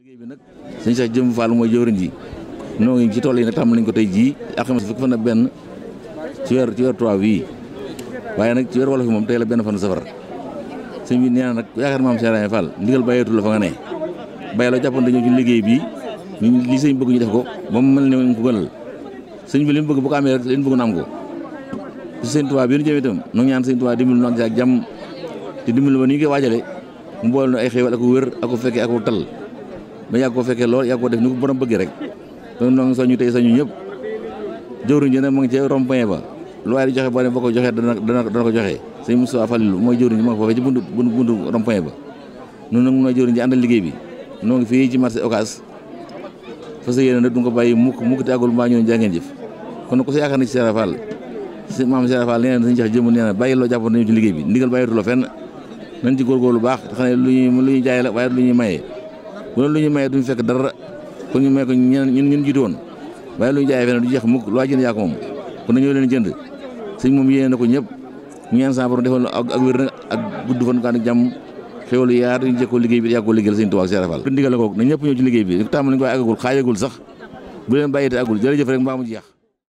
liggéey bi nag sëñ Cheikh Jëm Fall mooy jëwriñ ji noo ngi ci tool yi nag tàmm nañ ko tey jii alxames fukki fan ak benn ci weer ci weer trois bii waaye nag ci weer wolof yi moom tey la benn fan safar sëñ bi nee na nag yaakaar maam Cheikh Fall ndigal bàyyeetul la fa ne bàyyi la jàppante ñëw ci liggéey bi ñu li sëñ bëgg ñu def ko ba mu mel ne ko gënal sëñ bi li mu bëgg bu ko rek li bëgg na am ko ci sëñ Tuubaa bi ñu jëm itam nu ñaan sëñ Tuubaa dimbali ak jàmm te dimbali ba ni ñu koy waajale mu boole ay xéewal ba yàgg koo fekkee lool yàgg koo def ni ko borom bëgg rek loolu noonu soñu tey soñu ñëpp jëwriñ ji nag mu ngi ci rond-point ba lu waaye di joxe boo ne boo ko joxee dana dana ko joxe sëñ Moussa Fallou mooy jëwriñ ji mu ngi foofee ci buntu buntu buntu rond-point ba noonu nag mooy jëwriñ ji àndal liggéey bi noo ngi fii ci marché Ocass fas yéene nag du nga ko bàyyi mukk mukk te àggul mbaa ñoon jàngeen jëf kon ko si yaakaar na ci Serigne si maam Serigne Fall nee na suñu jox jëmm nee na bàyyi loo jàppoon liggéey bi ndigal bàyyitu loo fenn nañ ci góorgóorlu baax lu ñuy lu ñuy jaay la waaye lu ñuy maye bu doon lu ñu maye duñ fekk dara kon ñu may ko ñeneen ñun ñun jiitu woon waaye lu ñu jaayee feneen du jeex mukk loo jënd yaa ko moom kon dañoo leen jënd sëñ moom yéene na ko ñëpp ñaan sa borom defal ak ak wér nag ak gudd fan kaan jàmm xéwlu yaar ñu jëkkoo liggéey bi yàgg koo liggéeyal sëñ Tuubaa Seex Faal ndigal la na ñëpp ñëw ci liggéey bi tàmbali ñu ko àggagul xaajagul sax bu leen bàyyite àggul jërëjëf rek mbaa mu jeex